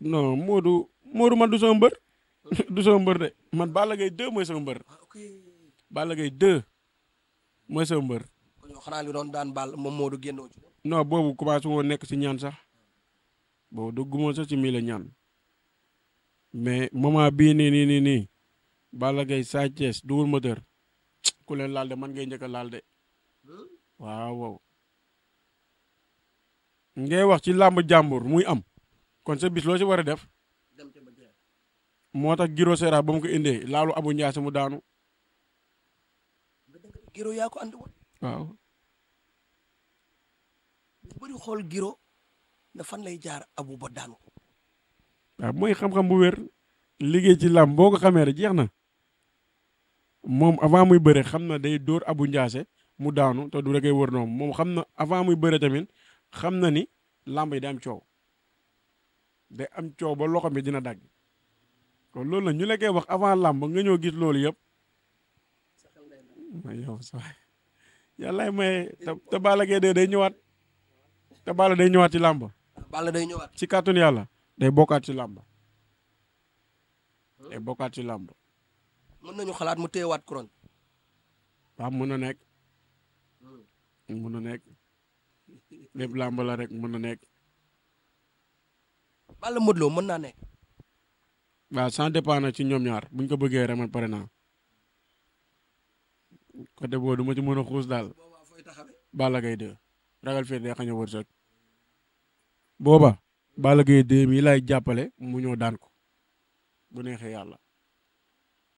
non Modou Modou man du sama mbër du sama mbër de man Balla Gaye 2 mooy sama mbër. Ah, Balla gay 2 mooy sama mbër. kon xanaa li doon daan Balla moom Modou génnoo ci. non boobu commencé woo nekk si ñaan sax boobu duggumoo sax ci mii ñaan mais moment bii nii nii nii nii Balla Gaye Sa du Double Moteur ku leen laal de man ngay njëkk a laal de hmm? waaw waaw ngay wax ci làmb jàmbur muy am. kon sa bis loo ci war a def moo tax Giro Seras ba mu ko indee laalu Abu Ndiaye mu daanu. Giro yaa ko andi xool Giro fan lay jaar Abu ba daanu. waaw mooy bu wér liggéey ci làmb boo ko xamee rek jeex na moom avant muy bëre xam na day dóor Abu Ndiaye mu daanu te du rekay wër noonu moom xam na avant muy bëre tamit xam na ni làmb yi daa am coow. day am coow ba loxo bi dina dagg kon loolu la ñu la koy wax avant làmb nga ñëw gis loolu yëpp ma yow sa yàllaay may te Balla Gaye day ñëwaat te Balla day ñëwaat ci làmb Balla day ñëwaat ci kàttanu yàlla day bokkaat ci làmb day bokkaat ci làmb mën nañu xalaat mu téyewaat couronne mën na nekk hmm. mën na nekk lépp làmb la rek mën na nekk Balla Modou Lo mën naa nekk. waaw ça dépend na ci ñoom ñaar buñ ko bëggee rek man pare naa côté boobu du ma ci mën a xuus daal. Balla Gaye 2 ragal fii day xañ a wërsëg booba Balla Gaye 2 mii laay jàppale mu ñëw daan ko bu neexee yàlla.